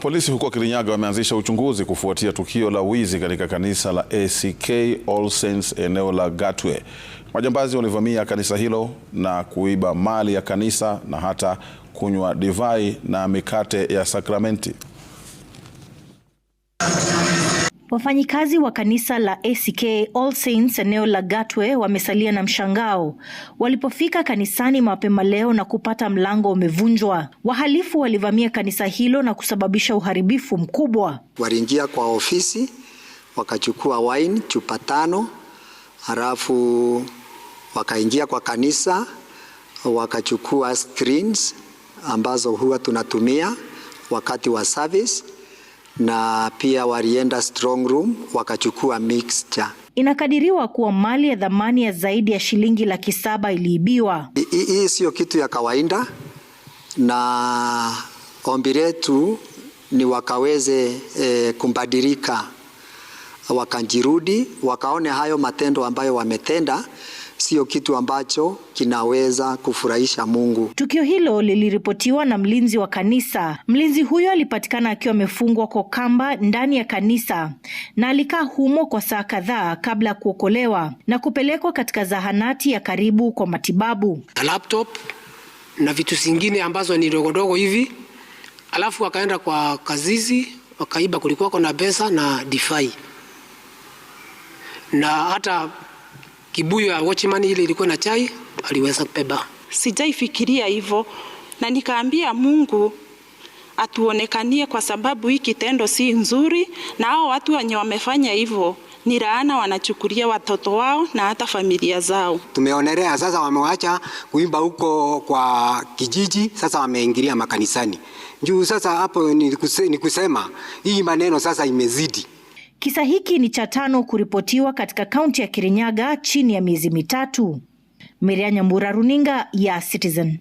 Polisi huko Kirinyaga wameanzisha uchunguzi kufuatia tukio la wizi katika kanisa la ACK All Saints eneo la Gatwe. Majambazi walivamia kanisa hilo na kuiba mali ya kanisa na hata kunywa divai na mikate ya sakramenti. Wafanyikazi wa kanisa la ACK All Saints eneo la Gatwe wamesalia na mshangao walipofika kanisani mapema leo na kupata mlango umevunjwa. Wahalifu walivamia kanisa hilo na kusababisha uharibifu mkubwa. Waliingia kwa ofisi wakachukua wine chupa tano, halafu wakaingia kwa kanisa wakachukua screens ambazo huwa tunatumia wakati wa service na pia walienda strong room wakachukua mixture. Inakadiriwa kuwa mali ya dhamani ya zaidi ya shilingi laki saba iliibiwa. Hii siyo kitu ya kawaida, na ombi letu ni wakaweze e, kumbadilika wakajirudi, wakaone hayo matendo ambayo wametenda sio kitu ambacho kinaweza kufurahisha Mungu. Tukio hilo liliripotiwa na mlinzi wa kanisa. Mlinzi huyo alipatikana akiwa amefungwa kwa kamba ndani ya kanisa na alikaa humo kwa saa kadhaa kabla ya kuokolewa na kupelekwa katika zahanati ya karibu kwa matibabu. Na laptop na vitu zingine ambazo ni ndogondogo hivi, alafu wakaenda kwa kazizi wakaiba, kulikuwa na pesa na difai na hata kibuyu ya watchman ile ilikuwa na chai aliweza kubeba. Sijaifikiria hivyo, na nikaambia Mungu atuonekanie, kwa sababu hii kitendo si nzuri, na hao watu wenye wamefanya hivyo ni laana wanachukulia watoto wao na hata familia zao. Tumeonelea sasa, wamewacha kuimba huko kwa kijiji, sasa wameingilia makanisani juu. Sasa hapo ni kusema hii maneno sasa imezidi. Kisa hiki ni cha tano kuripotiwa katika kaunti ya Kirinyaga chini ya miezi mitatu. Miriam Nyambura, runinga ya Citizen.